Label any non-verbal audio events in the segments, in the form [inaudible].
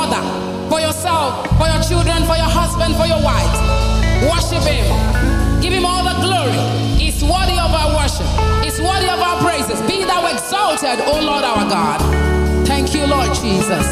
mother, for yourself, for your children, for your husband, for your wife. Worship Him. Give Him all the glory. He's worthy of our worship, He's worthy of our praises. Be thou exalted, O Lord our God. Thank you, Lord Jesus.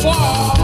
Fall.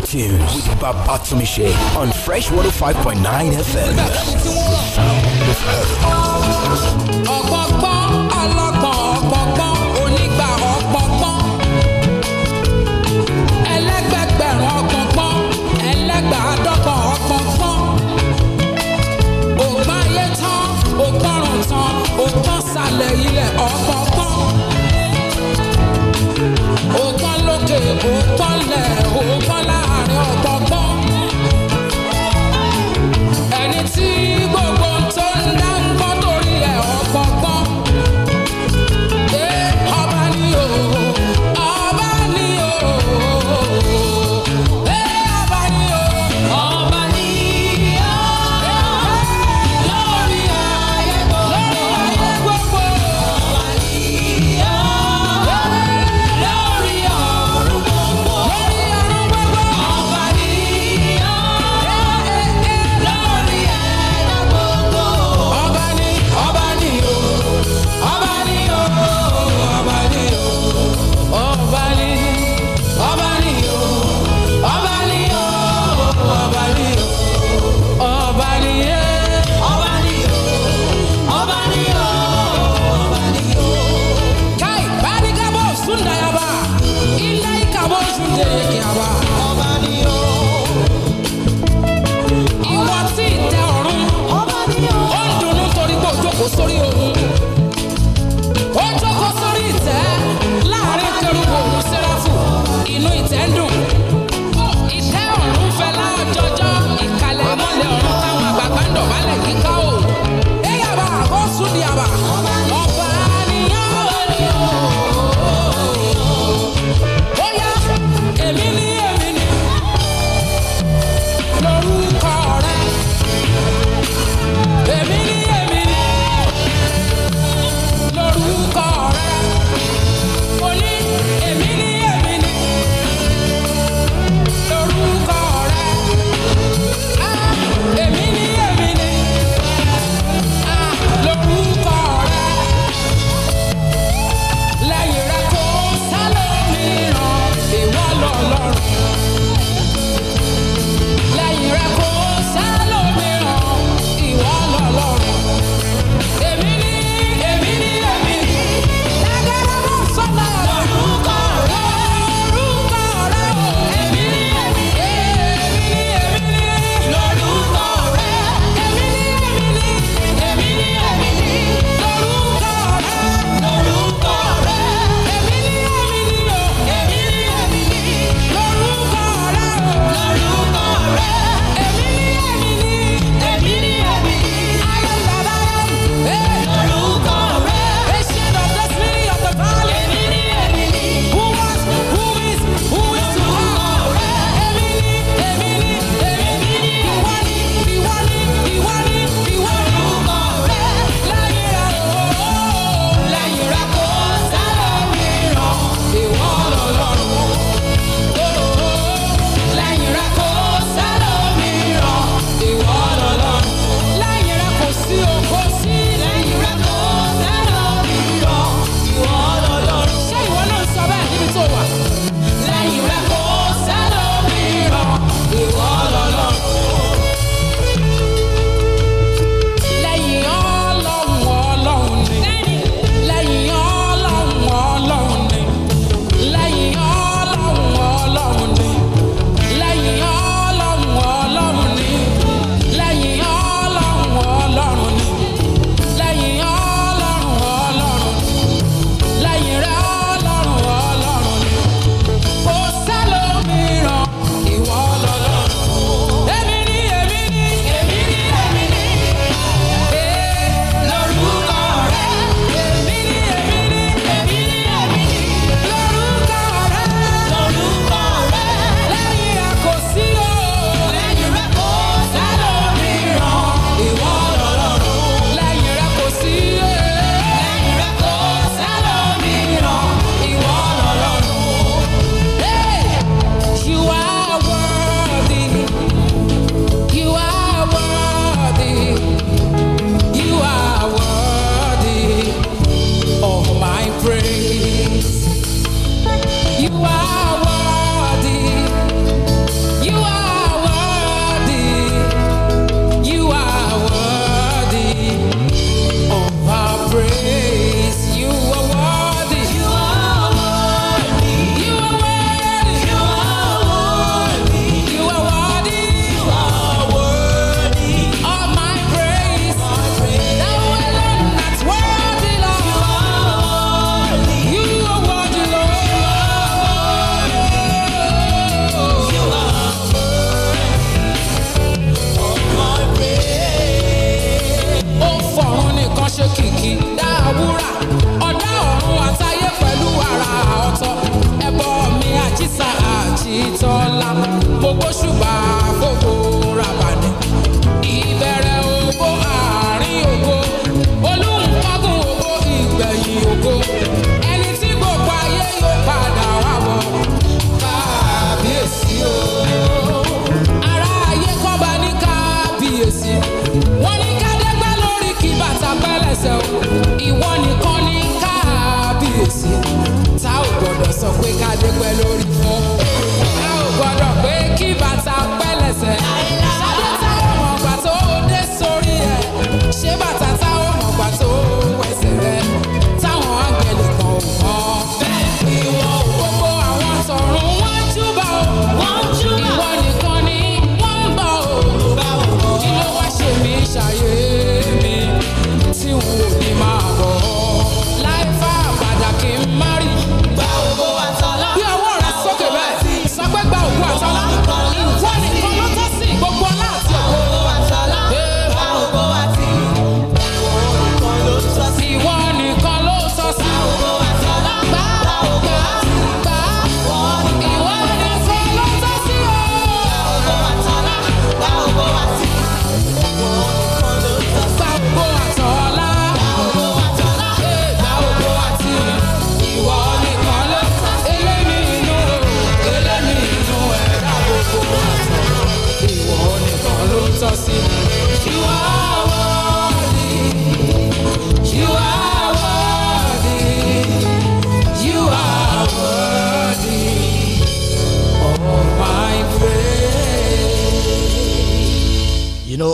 Gospel Tunes with Babatumishe on Fresh 105.9 FM. ọ̀pọ̀pọ̀ ọlọ́pọ̀ ọ̀pọ̀pọ̀ onígbà ọ̀pọ̀pọ̀ ẹlẹ́gbẹ̀gbẹ̀rún ọ̀pọ̀pọ̀ ẹlẹ́gbàádọ́pọ̀ ọ̀pọ̀pọ̀ ògbà ayé tán ògbọ́rùn tán ògbọ́nsálẹ̀ ilẹ̀ ọ̀pọ̀pọ̀ ó pọ́nlẹ̀ ó pọ́n láàrin ọ̀pọ̀gbọ́n.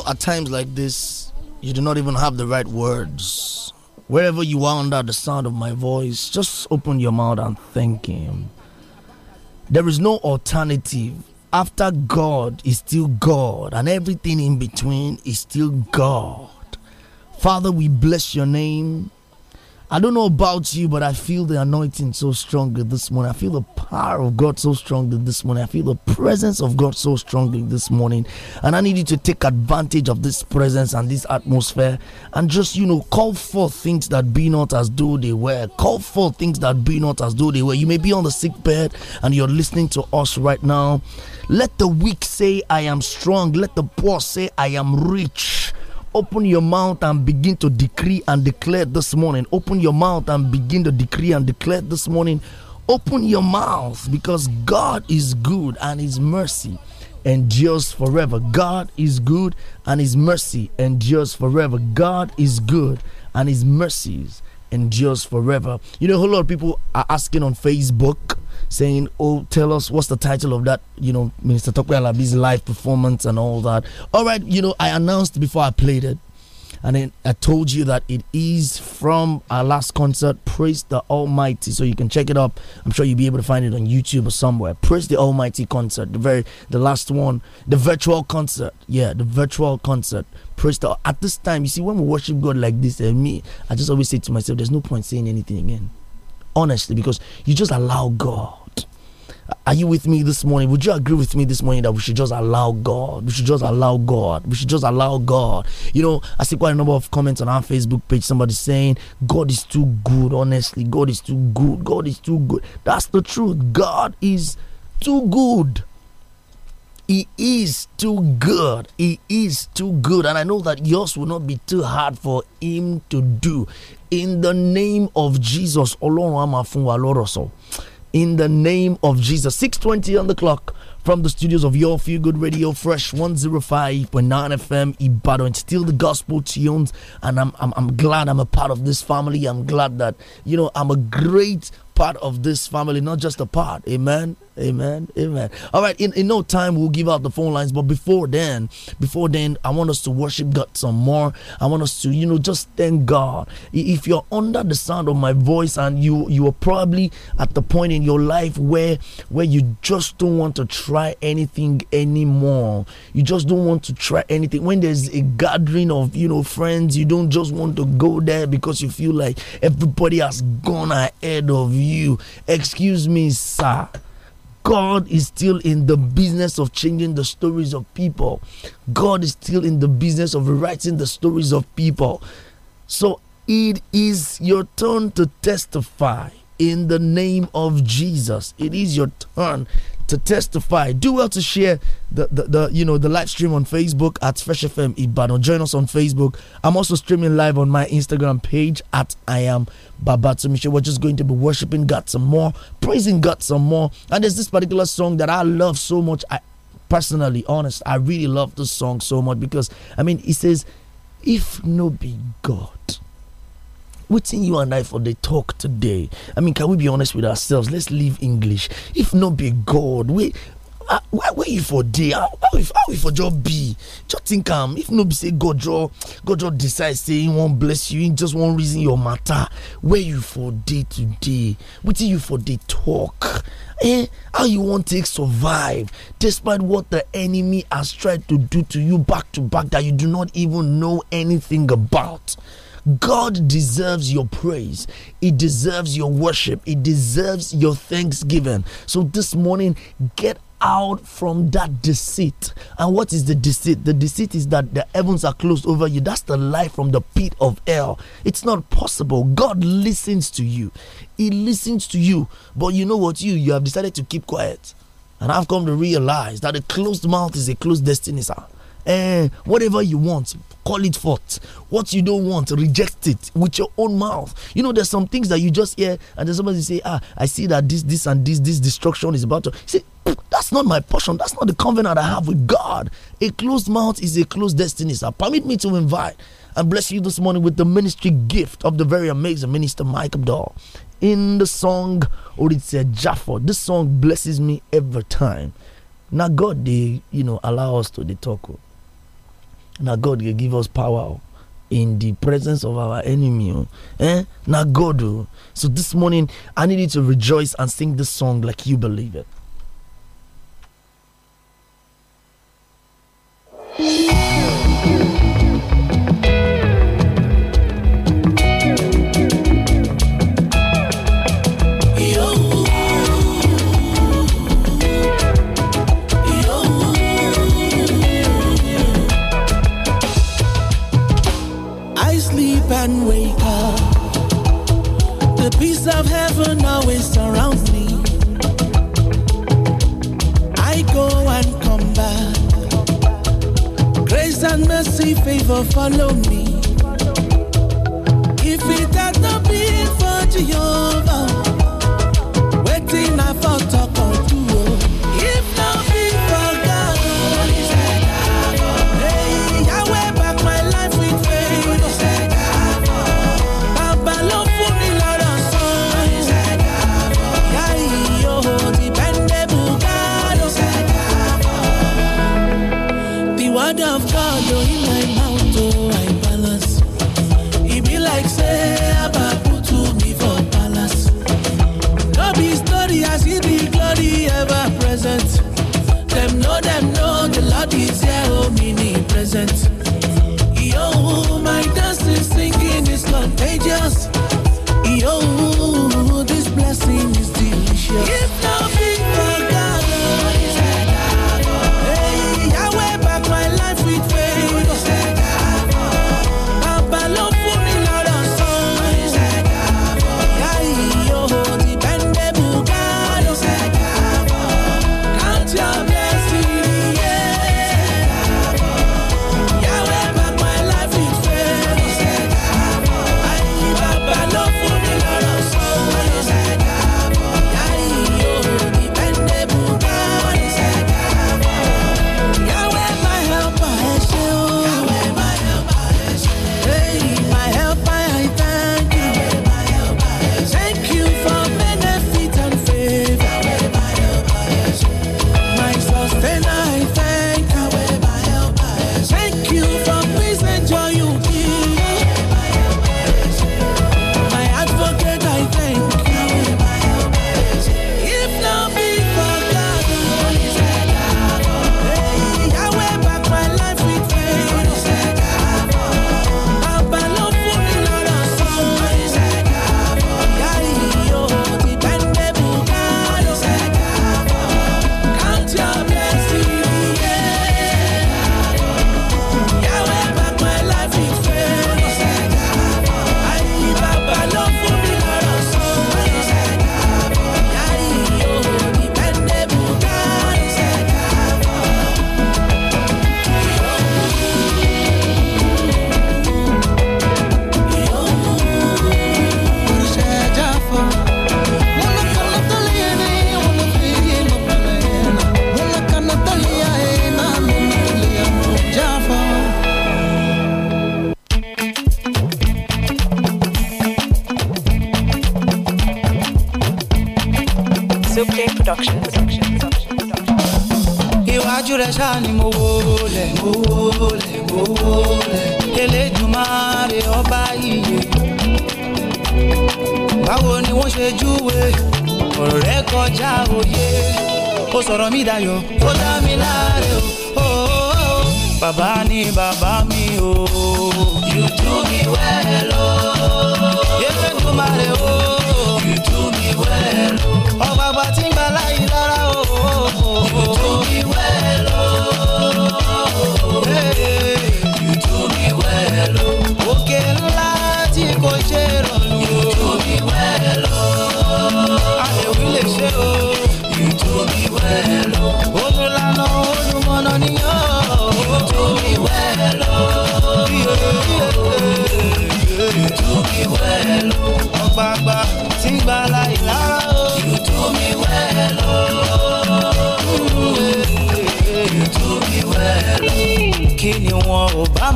at times like this, you do not even have the right words. Wherever you are under the sound of my voice, just open your mouth and thank Him. There is no alternative. After God is still God, and everything in between is still God. Father, we bless your name. I don't know about you, but I feel the anointing so strongly this morning. I feel the power of God so strongly this morning. I feel the presence of God so strongly this morning. And I need you to take advantage of this presence and this atmosphere and just, you know, call forth things that be not as though they were. Call forth things that be not as though they were. You may be on the sick bed and you're listening to us right now. Let the weak say, I am strong. Let the poor say, I am rich. Open your mouth and begin to decree and declare this morning. Open your mouth and begin to decree and declare this morning. Open your mouth because God is good and His mercy endures forever. God is good and His mercy endures forever. God is good and His mercies endures forever. You know, a whole lot of people are asking on Facebook saying, "Oh, tell us what's the title of that?" You know, Minister Tokwe Alabi's live performance and all that. All right, you know, I announced before I played it, and then I told you that it is from our last concert. Praise the Almighty. So you can check it up. I'm sure you'll be able to find it on YouTube or somewhere. Praise the Almighty concert, the very the last one, the virtual concert. Yeah, the virtual concert. Praise the. At this time, you see, when we worship God like this, and eh, me, I just always say to myself, "There's no point saying anything again." Honestly, because you just allow God are you with me this morning? Would you agree with me this morning that we should just allow God? We should just allow God. We should just allow God. You know, I see quite a number of comments on our Facebook page. Somebody saying, God is too good, honestly. God is too good. God is too good. That's the truth. God is too good. He is too good. He is too good. And I know that yours will not be too hard for him to do. In the name of Jesus, Olorun Amafunwa Loroso in the name of Jesus. 620 on the clock from the studios of Your Feel Good Radio, Fresh 105.9 FM, Ibadan. Still the gospel tunes, and I'm, I'm, I'm glad I'm a part of this family. I'm glad that, you know, I'm a great part of this family, not just a part. Amen. Amen. Amen. All right. In, in no time, we'll give out the phone lines. But before then, before then, I want us to worship God some more. I want us to, you know, just thank God. If you're under the sound of my voice and you you are probably at the point in your life where where you just don't want to try anything anymore. You just don't want to try anything. When there's a gathering of, you know, friends, you don't just want to go there because you feel like everybody has gone ahead of you you, Excuse me, sir. God is still in the business of changing the stories of people. God is still in the business of writing the stories of people. So it is your turn to testify in the name of Jesus. It is your turn to testify. Do well to share the, the, the, you know the live stream on Facebook at Fresh FM Ibano. Join us on Facebook. I'm also streaming live on my Instagram page at I am Babatunde. We're just going to be worshiping God some more, praising God some more. And there's this particular song that I love so much. I personally, honest, I really love this song so much because I mean, it says, "If no be God." waiting you and I for the talk today. I mean, can we be honest with ourselves? Let's leave English. If no be God, we Ah, why you for day? how ah, we for just be just think am um, if no be say god draw, God draw decide say will wan bless you in just one reason your matter where you for dey today wetin you for dey talk eh how you wan take survive despite what the enemy has tried to do to you back to back that you do not even know anything about God deserves your praise. He deserves your worship. He deserves your thanksgiving. So this morning, get out from that deceit. And what is the deceit? The deceit is that the heavens are closed over you. That's the lie from the pit of hell. It's not possible. God listens to you. He listens to you. But you know what? You you have decided to keep quiet. And I've come to realize that a closed mouth is a closed destiny, sir uh, whatever you want call it forth what you don't want reject it with your own mouth you know there's some things that you just hear and then somebody say ah i see that this this and this this destruction is about to see that's not my portion that's not the covenant i have with god a closed mouth is a closed destiny So permit me to invite and bless you this morning with the ministry gift of the very amazing minister mike abdul in the song Oritse Jaffa. This song blesses me every time. Now God, they you know allow us to the talk. Oh. Now God will give us power oh, in the presence of our enemy. Oh. Eh? Now God. Oh. So this morning, I need you to rejoice and sing this song like you believe it. sleep and wake up. The peace of heaven always surrounds me. I go and come back. Grace and mercy, favor follow me. If it had not been for Jehovah, waiting I for talk or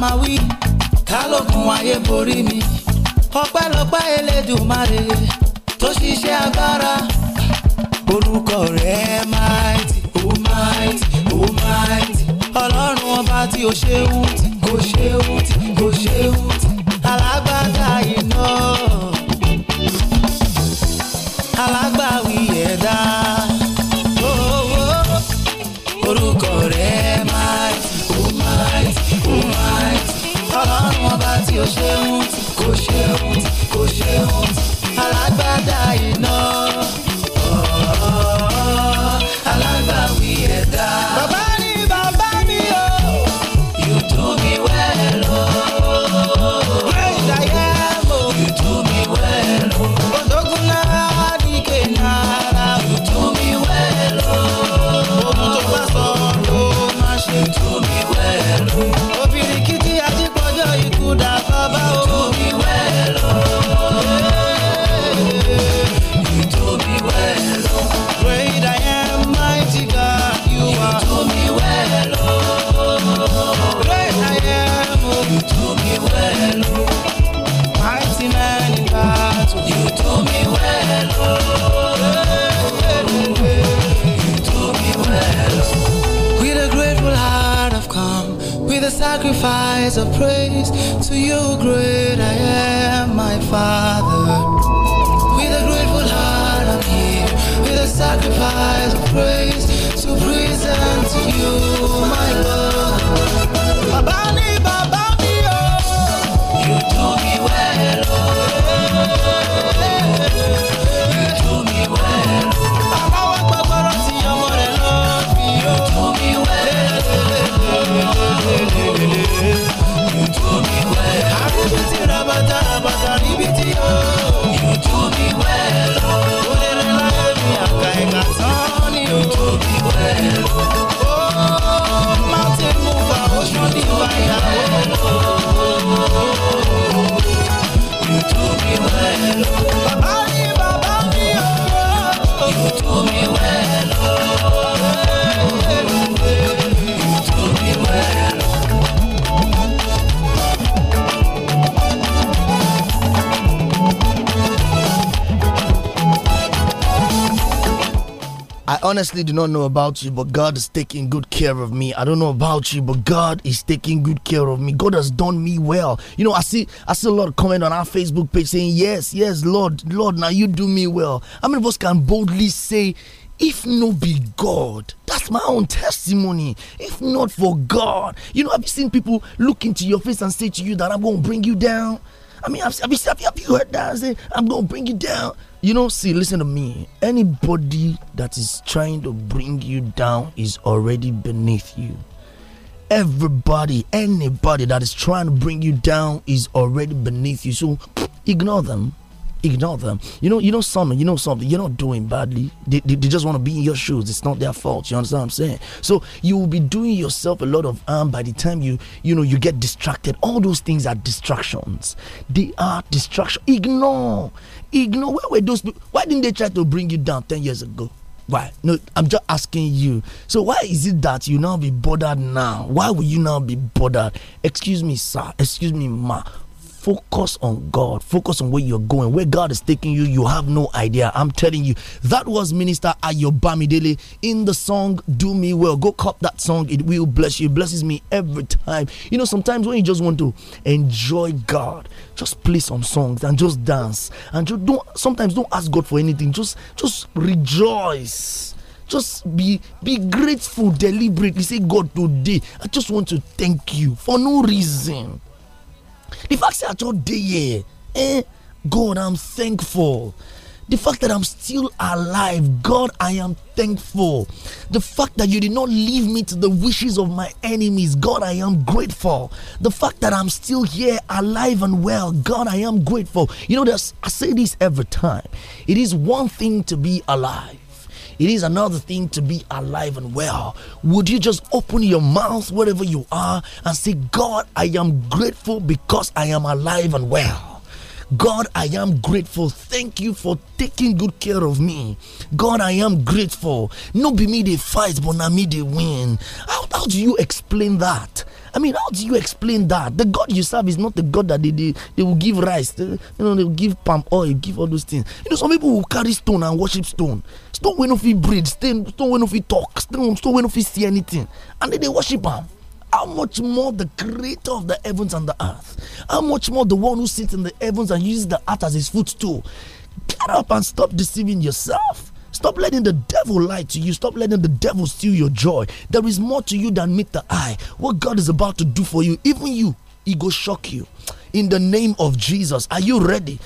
máa wí kálógun ayé borí mi ọpẹ́lọpẹ́ Elédùmarè tó ṣiṣẹ́ agbára orúkọ rẹ̀ máìtì ó máìtì ó máìtì ọlọ́run ọba tí ó ṣeun tí kò ṣeun tí kò ṣeun tí. Cause sacrifice of praise to you, great I am, my Father. With a grateful heart, I'm here with a sacrifice of praise to present to you, my God. hello. honestly do not know about you, but God is taking good care of me. I don't know about you, but God is taking good care of me. God has done me well. You know, I see I see a lot of comment on our Facebook page saying, Yes, yes, Lord, Lord, now you do me well. How many of us can boldly say, if no be God, that's my own testimony. If not for God, you know, I've seen people look into your face and say to you that I'm going to bring you down. I mean, have, have, you, have, you, have you heard that? I say, I'm going to bring you down. You know, see, listen to me. Anybody that is trying to bring you down is already beneath you. Everybody, anybody that is trying to bring you down is already beneath you. So ignore them ignore them. You know, you know something, you know something, you're not doing badly. They, they, they just want to be in your shoes. It's not their fault. You understand what I'm saying? So you will be doing yourself a lot of harm by the time you, you know, you get distracted. All those things are distractions. They are distraction. Ignore. Ignore. Where were those people? Why didn't they try to bring you down 10 years ago? Why? No, I'm just asking you. So why is it that you now be bothered now? Why will you now be bothered? Excuse me, sir. Excuse me, ma Focus on God. Focus on where you're going, where God is taking you. You have no idea. I'm telling you. That was Minister Ayobamidele in the song "Do Me Well." Go cop that song. It will bless you. It blesses me every time. You know, sometimes when you just want to enjoy God, just play some songs and just dance and just don't. Sometimes don't ask God for anything. Just just rejoice just be be grateful deliberately say god today i just want to thank you for no reason the fact that I dey here, eh, God, I'm thankful. The fact that I'm still alive, God, I am thankful. The fact that you did not leave me to the wishes of my enemies, God, I am grateful. The fact that I'm still here, alive and well, God, I am grateful. You know, I say this every time. It is one thing to be alive it is another thing to be alive and well. Would you just open your mouth wherever you are and say, God, I am grateful because I am alive and well. God, I am grateful. Thank you for taking good care of me. God, I am grateful. No be me the fight, but na me the win. How, how do you explain that? I mean, how do you explain that? The God you serve is not the God that they, they, they will give rice, they, eh? you know, they will give palm oil, give all those things. You know, some people will carry stone and worship stone. Stone when not fit breathe, stone, stone will not talk, stone, stone will he see anything. And then they worship him how much more the creator of the heavens and the earth, how much more the one who sits in the heavens and uses the earth as his footstool. Get up and stop deceiving yourself. Stop letting the devil lie to you. Stop letting the devil steal your joy. There is more to you than meet the eye. What God is about to do for you, even you, He go shock you. In the name of Jesus, are you ready?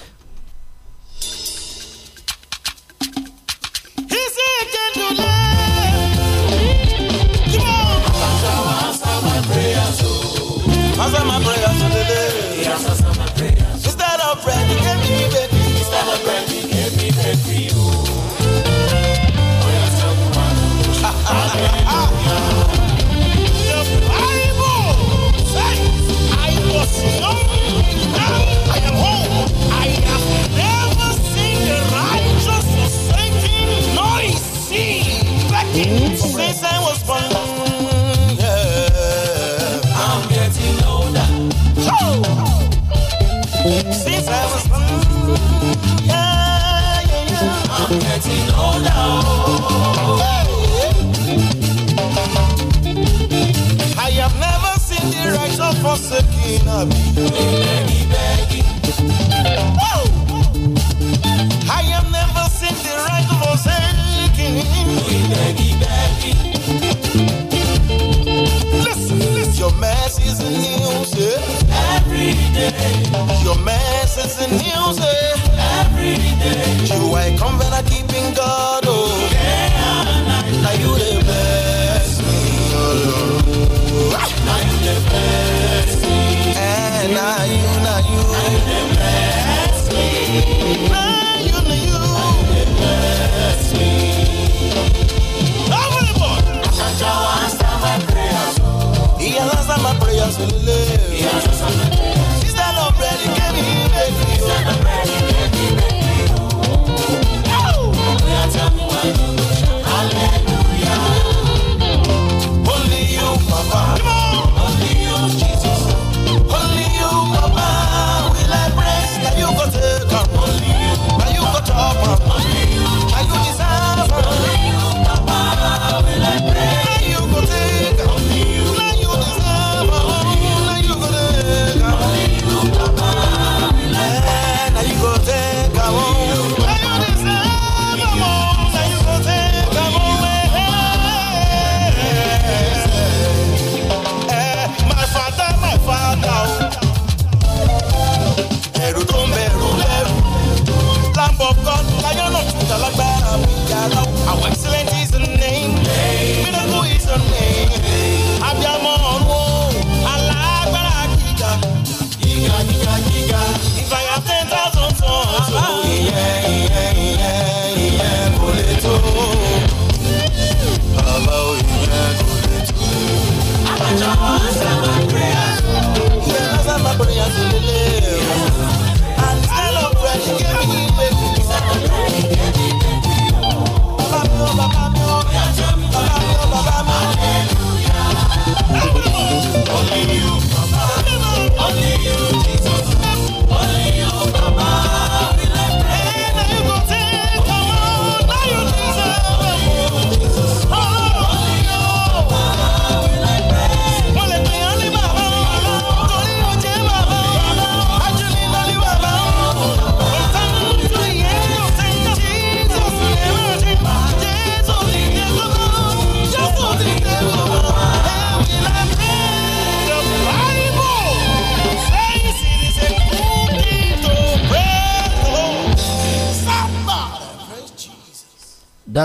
I am never seen the right forsaken. Listen, listen, your mess is the news every day. Your mess is the news every day. You are come when I keeping God oh. Yeah, now you the best me, Now you the best. na you, na you. I you dey bless me. Na you, na you. I you dey bless me. Everybody. Asha Jawa answer my prayers. He answer my prayers, He answer my prayers.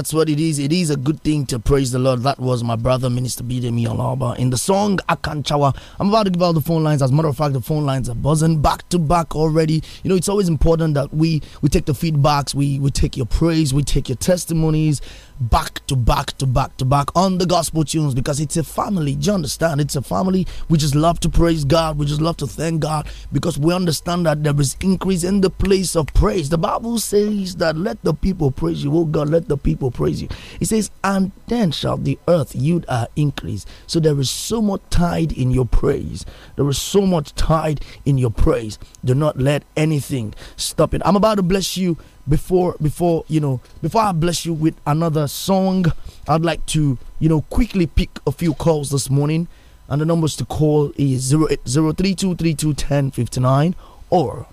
that's what it is. It is a good thing to praise the Lord. That was my brother, Minister Bidemi Alaba, in the song Akanchawa. I'm about to give out the phone lines. As a matter of fact, the phone lines are buzzing back to back already. You know, it's always important that we we take the feedbacks, we we take your praise, we take your testimonies back to back to back to back on the gospel tunes because it's a family. Do you understand? It's a family. We just love to praise God. We just love to thank God because we understand that there is increase in the place of praise. The Bible says that let the people praise you. Oh God, let the people praise you. It says, and then shall the earth yield our increase. So there is so much tied in your praise. There is so much tied in your praise. Do not let anything stop it. I'm about to bless you before before you know before I bless you with another song, I'd like to you know quickly pick a few calls this morning, and the numbers to call is zero eight zero three two three two ten fifty nine or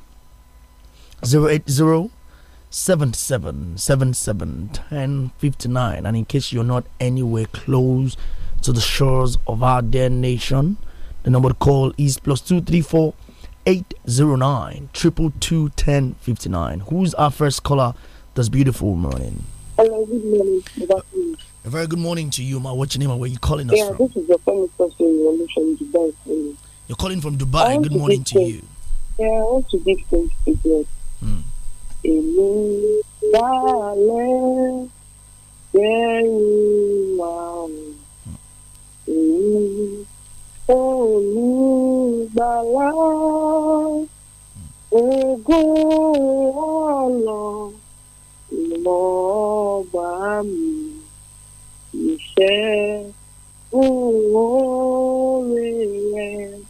zero eight zero seven seven seven seven ten fifty nine. And in case you're not anywhere close to the shores of our dear nation, the number to call is plus two three four. 234 Eight zero nine triple two ten fifty nine. Who's our first caller That's beautiful morning? Hello, good morning. Good afternoon. A very good morning to you, ma. What's your name where are you calling us yeah, from? Yeah, this is your famous person Revolution Dubai. Please. You're calling from Dubai. Good to morning to you. Yeah, I want to give thanks to God. Mm. valley. Ògo Ọlọ́run ìmọ̀ ọgbà mi ìṣẹ́ oore rẹ̀.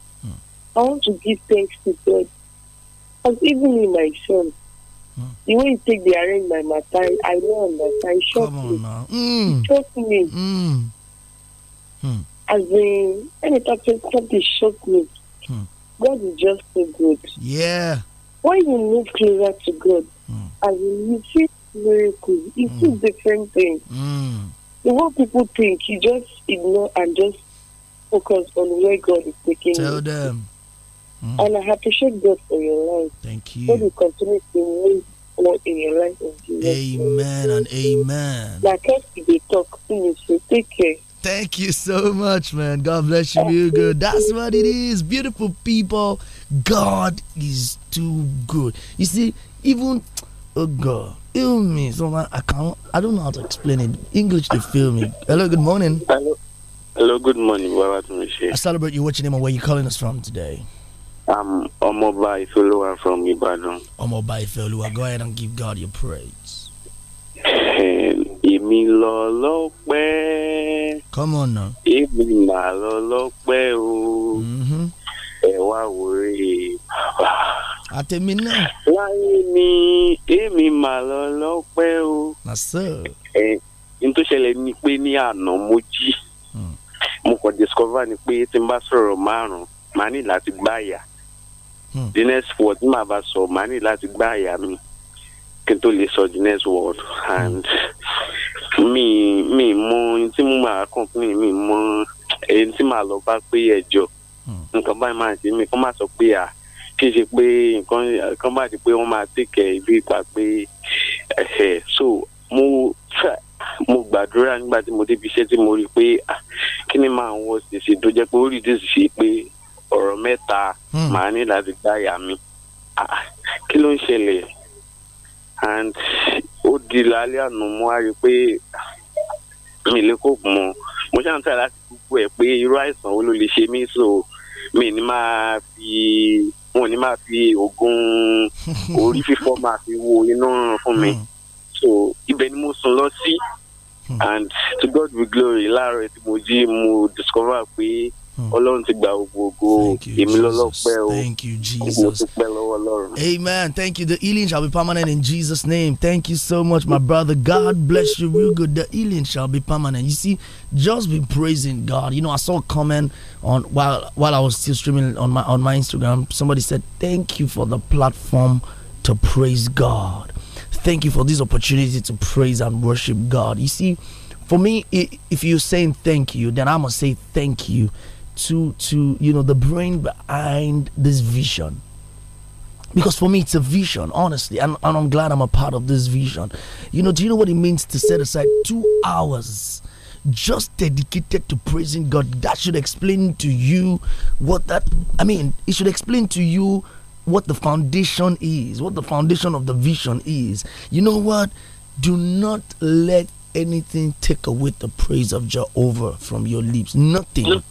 I want to give thanks to God As even in my son. Mm. The way you take the arrange my matter, I don't understand. It shocked me. Now. Mm. It shocked me. As in, anytime something shocked me, mm. God is just so good. Yeah when you move closer to God mm. and you see miracles, you see hmm. different things. Hmm. What people think, you just ignore and just focus on where God is taking Tell you. Tell them. Hmm. And I appreciate God for your life. Thank you. God will continue to move more in your life. Amen and amen. Like us, they talk. Please, take care. Thank you so much, man. God bless you you good. That's what it is. Beautiful people. God is too good. You see, even oh God, even me, someone I can't I don't know how to explain it. English to feel me. Hello, good morning. Hello. Hello, good morning. I celebrate you. watching him name and where you calling us from today? I'm Omoba Ifeoluwa from Ibadan. Omoba Ifeoluwa, go ahead and give God your praise. èmi lọ lọ́pẹ́. come on now. èmi mà lọ lọ́pẹ́ o. Mm-hmm. ẹ wá wòye bàbá. àtẹ̀mí náà. láyé ni èmi mà lọ lọ́pẹ́ o. màsà. ẹ n tó ṣẹlẹ̀ ni pé ní àná mo jí hmm. mo kàn discover ni pé tí n bá sọ̀rọ̀ márùn-ún màá ní láti gbá àyà hmm. the next word tí màá bá sọ màá ní láti gbá àyà mi kí n tó lè sọ the next word and. Mm mi mi mọ ohun tí mo máa complain mi mọ ohun tí màá lọ bá pé ẹjọ́ hmm. nǹkan báyìí máa ṣe mí kán máa sọ pé à kí ṣe pé nǹkan kan bá ti pé wọ́n máa tèkẹ ibi ìpa pé ẹsẹ̀ so mo mo gbàdúrà nígbà tí mo débi iṣẹ́ tí mo rí i pé kí ni màá wọ ṣèṣe tó jẹ́ pé ó rí i dèsì ṣe pé ọ̀rọ̀ mẹ́ta hmm. màá ní láti gbá ìyá mi kí ló ń ṣẹlẹ̀ and ó di lálẹ́ àná mo á rí i pé ah, mi lè kó mọ mo ṣáà ń tà láti kúkú ẹ̀ pé irú àìsàn wo ló lè ṣe mí so mi ní máa fi wọn ò ní máa fi oògùn orí fífọ́ máa fi wo inú fún mi hmm. so ibẹ̀ ni mo sùn lọ sí hmm. and to God be glory láàárọ̀ tí mo jí mo discover pé. Hmm. ọlọ́run ti gba gbogbo èmi lọ́lọ́pẹ́ o thank you jesus amen thank you the healing shall be permanent in jesus name thank you so much my brother god bless you real good the healing shall be permanent you see just be praising god you know i saw a comment on while while i was still streaming on my on my instagram somebody said thank you for the platform to praise god thank you for this opportunity to praise and worship god you see for me if you're saying thank you then i must say thank you to to you know the brain behind this vision because for me it's a vision honestly and, and, i'm glad i'm a part of this vision you know do you know what it means to set aside two hours just dedicated to praising god that should explain to you what that i mean it should explain to you what the foundation is what the foundation of the vision is you know what do not let anything take away the praise of jehovah from your lips nothing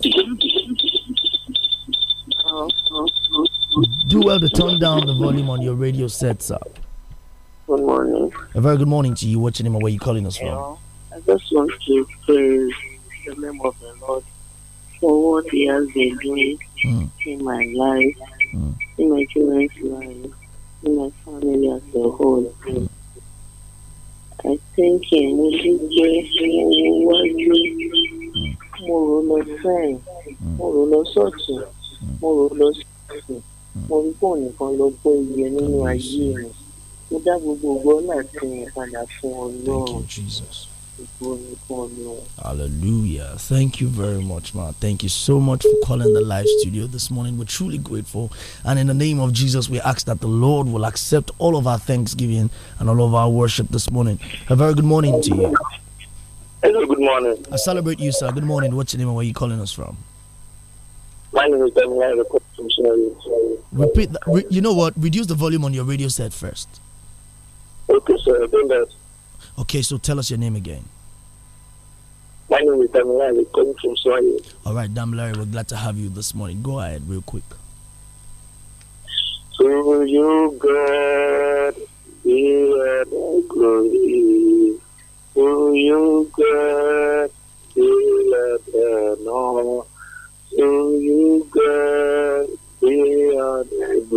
do well to turn down the volume on your radio set, sir. Good morning. A very good morning to you. What's your name and where you calling us from? I just want to praise the name of the Lord for what He has been doing mm. in my life, mm. in my children's life, in my family as a whole. Mm. I thank Him. We just praise Him. We want you. Mo rò lọ sẹ́yìn, mo rò lọ sọ́tún, mo rò lọ orúkọ nìkan ló pé iye nínú ayé rẹ̀ ó dá gbogbo ọgbọ́n náà sí yẹn padà fún ọlọ́run. Hallelujah. Thank you very much, man. Thank you so much for calling the live studio this morning. We're truly grateful. And in the name of Jesus, we ask that the Lord will accept all of our thanksgiving and all of our worship this morning. A very good morning to you. Hello, good morning. I celebrate you, sir. Good morning. What's your name and where are you calling us from? My name is Daniel. Repeat. That, re, you know what? Reduce the volume on your radio set first. Okay, sir. i that. Okay, so tell us your name again. My name is Damilari, coming from Swahili. All right, Damilari, we're glad to have you this morning. Go ahead, real quick. To you, God, be all glory. To you, God, be all honor. To you, God this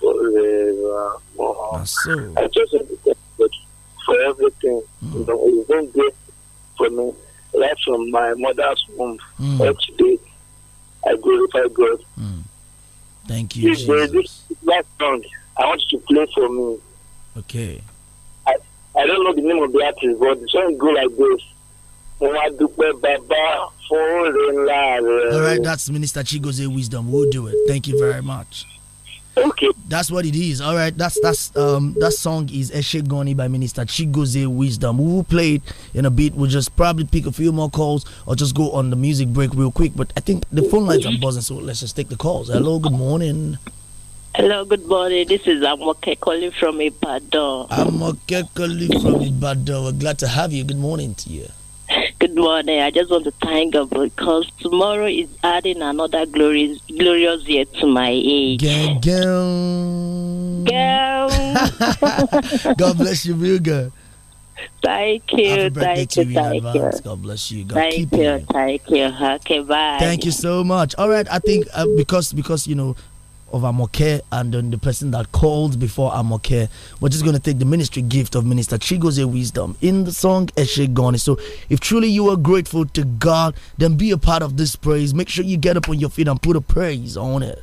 forever. the so. I just for everything. Mm. You know, it's been good for me. Right from my mother's womb mm. up to date. I glorify God. Mm. Thank you. This, Jesus. this last song I want you to play for me. Okay. I, I don't know the name of the artist, but the song goes like this. All right, that's Minister Chigoze wisdom. We'll do it. Thank you very much. Okay. That's what it is. All right. That's that's um that song is Goni by Minister Chigoze Wisdom. We will play it in a bit. We'll just probably pick a few more calls or just go on the music break real quick. But I think the phone lines are buzzing, so let's just take the calls. Hello, good morning. Hello, good morning. This is Amoke calling from Ibadan. Amoke calling from Ibadan. We're glad to have you. Good morning to you. Good morning. I just want to thank God because tomorrow is adding another glorious, glorious year to my age. Girl, girl, [laughs] God bless you, real good. Thank you. thank you. thank advance. you. God bless you. God thank keep you. you. Thank you. Okay, bye. Thank you so much. All right, I think uh, because because you know of Amoke and then the person that called before Amoke. We're just going to take the ministry gift of Minister Chigoze Wisdom in the song Goni. So if truly you are grateful to God, then be a part of this praise. Make sure you get up on your feet and put a praise on it.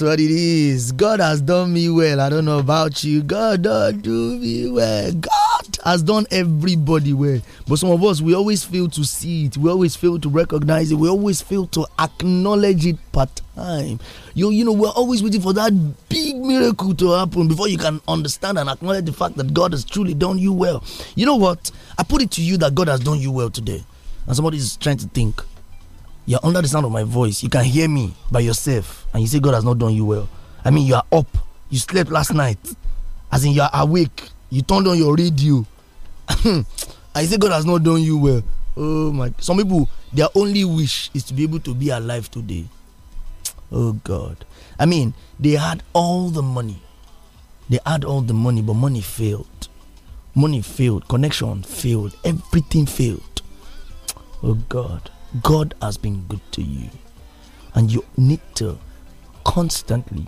That's what it is. God has done me well. I don't know about you. God don't do me well. God has done everybody well. But some of us, we always fail to see it. We always fail to recognize it. We always fail to acknowledge it part time. You, you know, we're always waiting for that big miracle to happen before you can understand and acknowledge the fact that God has truly done you well. You know what? I put it to you that God has done you well today. And somebody is trying to think you're under the sound of my voice. You can hear me by yourself. And you say God has not done you well. I mean, you are up. You slept last night. As in, you are awake. You turned on your radio. [laughs] I say God has not done you well. Oh my. Some people, their only wish is to be able to be alive today. Oh God. I mean, they had all the money. They had all the money, but money failed. Money failed. Connection failed. Everything failed. Oh God. God has been good to you. And you need to constantly,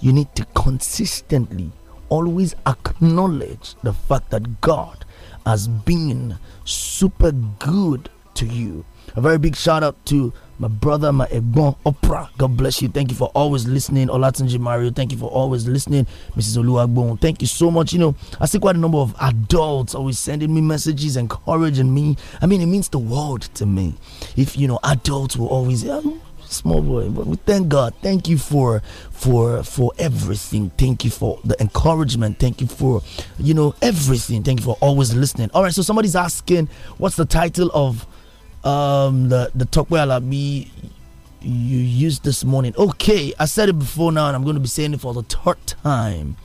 you need to consistently always acknowledge the fact that God has been super good to you. A very big shout out to my brother, my Egbon, Oprah. God bless you. Thank you for always listening. Olatunji Mario, thank you for always listening. Mrs. Oluagbon. thank you so much. You know, I see quite a number of adults always sending me messages, encouraging me. I mean, it means the world to me. If, you know, adults will always, small boy but we thank god thank you for for for everything thank you for the encouragement thank you for you know everything thank you for always listening all right so somebody's asking what's the title of um, the the Tokwela you used this morning. Okay, I said it before now, and I'm going to be saying it for the third time.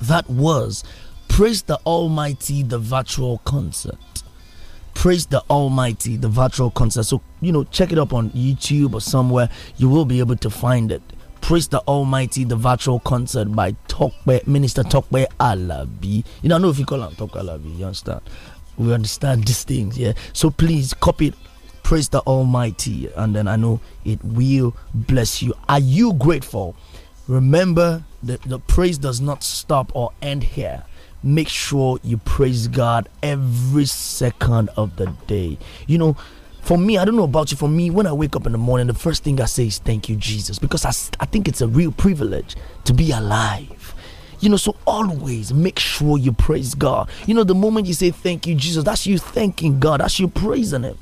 That was praise the Almighty, the virtual concert. Praise the Almighty, the virtual concert. So you know, check it up on YouTube or somewhere. You will be able to find it. Praise the Almighty, the virtual concert by Tokwe, Minister Tokwe Alabi. You know, I know if you call him Tokwe Alabi, you understand? we understand these things. Yeah. So please copy it. Praise the Almighty. And then I know it will bless you. Are you grateful? Remember that the praise does not stop or end here. Make sure you praise God every second of the day. You know, for me, I don't know about you. For me, when I wake up in the morning, the first thing I say is thank you, Jesus, because I, I think it's a real privilege to be alive. You know, so always make sure you praise God. You know, the moment you say thank you, Jesus, that's you thanking God, that's you praising Him.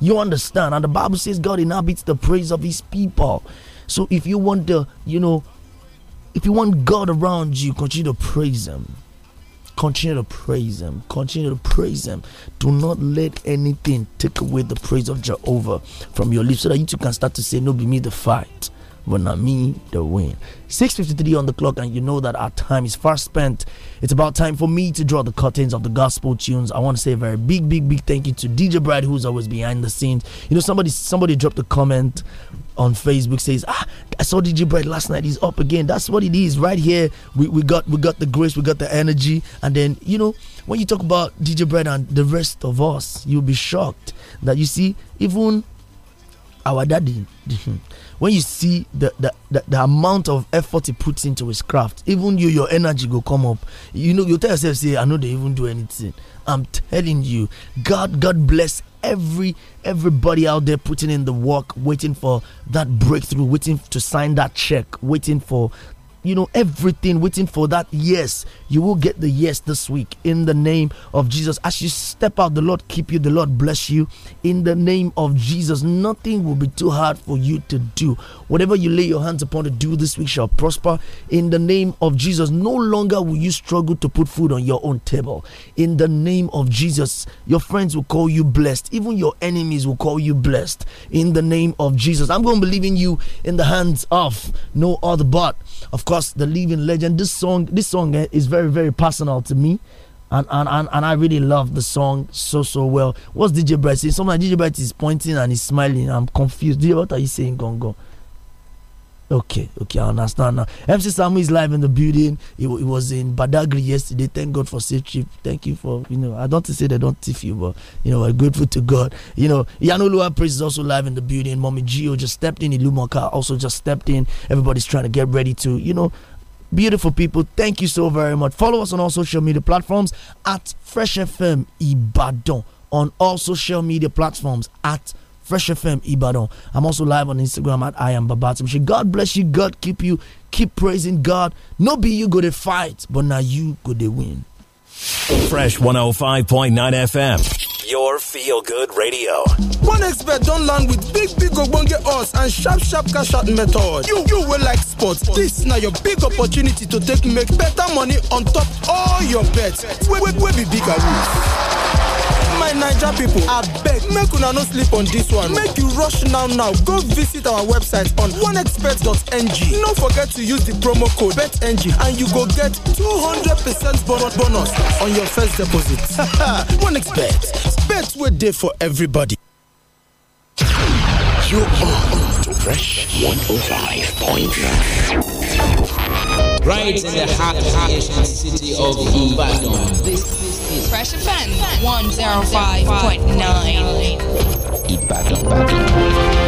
You understand? And the Bible says God inhabits the praise of His people. So if you want the, you know, if you want God around you, continue to praise Him. Continue to praise Him. Continue to praise Him. Do not let anything take away the praise of Jehovah from your lips so that you can start to say, No, be me the fight when I mean the win. 6.53 on the clock and you know that our time is far spent. It's about time for me to draw the curtains of the gospel tunes. I want to say a very big, big, big thank you to DJ Brad who's always behind the scenes. You know, somebody somebody dropped a comment on Facebook says, Ah, I saw DJ Brad last night, he's up again. That's what it is. Right here, we, we got we got the grace, we got the energy. And then, you know, when you talk about DJ Brad and the rest of us, you'll be shocked that you see, even our daddy hmm, when you see the, the, the, the, amount of effort he puts into his craft even you your energy go come up you know you tell yourself say i know they even do anything i'm telling you god god bless every everybody out there putting in the work waiting for that breakthrough waiting to sign that check waiting for you know, everything waiting for that yes. You will get the yes this week in the name of Jesus. As you step out, the Lord keep you, the Lord bless you in the name of Jesus. Nothing will be too hard for you to do. Whatever you lay your hands upon to do this week shall prosper in the name of Jesus. No longer will you struggle to put food on your own table in the name of Jesus. Your friends will call you blessed, even your enemies will call you blessed in the name of Jesus. I'm going to believe in you in the hands of no other but, of course, the living legend. This song, this song eh, is very, very personal to me. And, and, and, and I really love the song so so well. What's DJ Bright saying? Sometimes DJ Bright is pointing and he's smiling. I'm confused. DJ, what are you saying, Gongo? Okay, okay, I understand now. MC Samu is live in the building. He, he was in Badagri yesterday. Thank God for safe trip. Thank you for you know. I don't say they don't thief you, but you know we're grateful to God. You know, Yanulua Praise is also live in the building. Mommy Gio just stepped in. Ilumoka also just stepped in. Everybody's trying to get ready to you know beautiful people thank you so very much follow us on all social media platforms at fresh fm ibadan on all social media platforms at Fresh FM Ibadan. I'm also live on Instagram at I am Babatim. God bless you. God keep you. Keep praising God. No be you go to fight, but now you go to win. Fresh 105.9 FM. Your feel good radio. One expert don't land with big, big obonge odds and sharp, sharp cash out method. You, you will like sports. This now your big opportunity to take make better money on top all your bets. We, we, wait, be bigger. my naija pipo abeg make una no sleep on dis one make you rush now now go visit our website on onexpert.ng no forget to use the promo code betng and you go get two hundred percent bonus on your first deposit [laughs] onexpert bet wey dey for everybody. you are on to fresh 105.9 Right in the heart of the city of Ibadan. Fresh offense 105.9. Ibadan. Ibadan.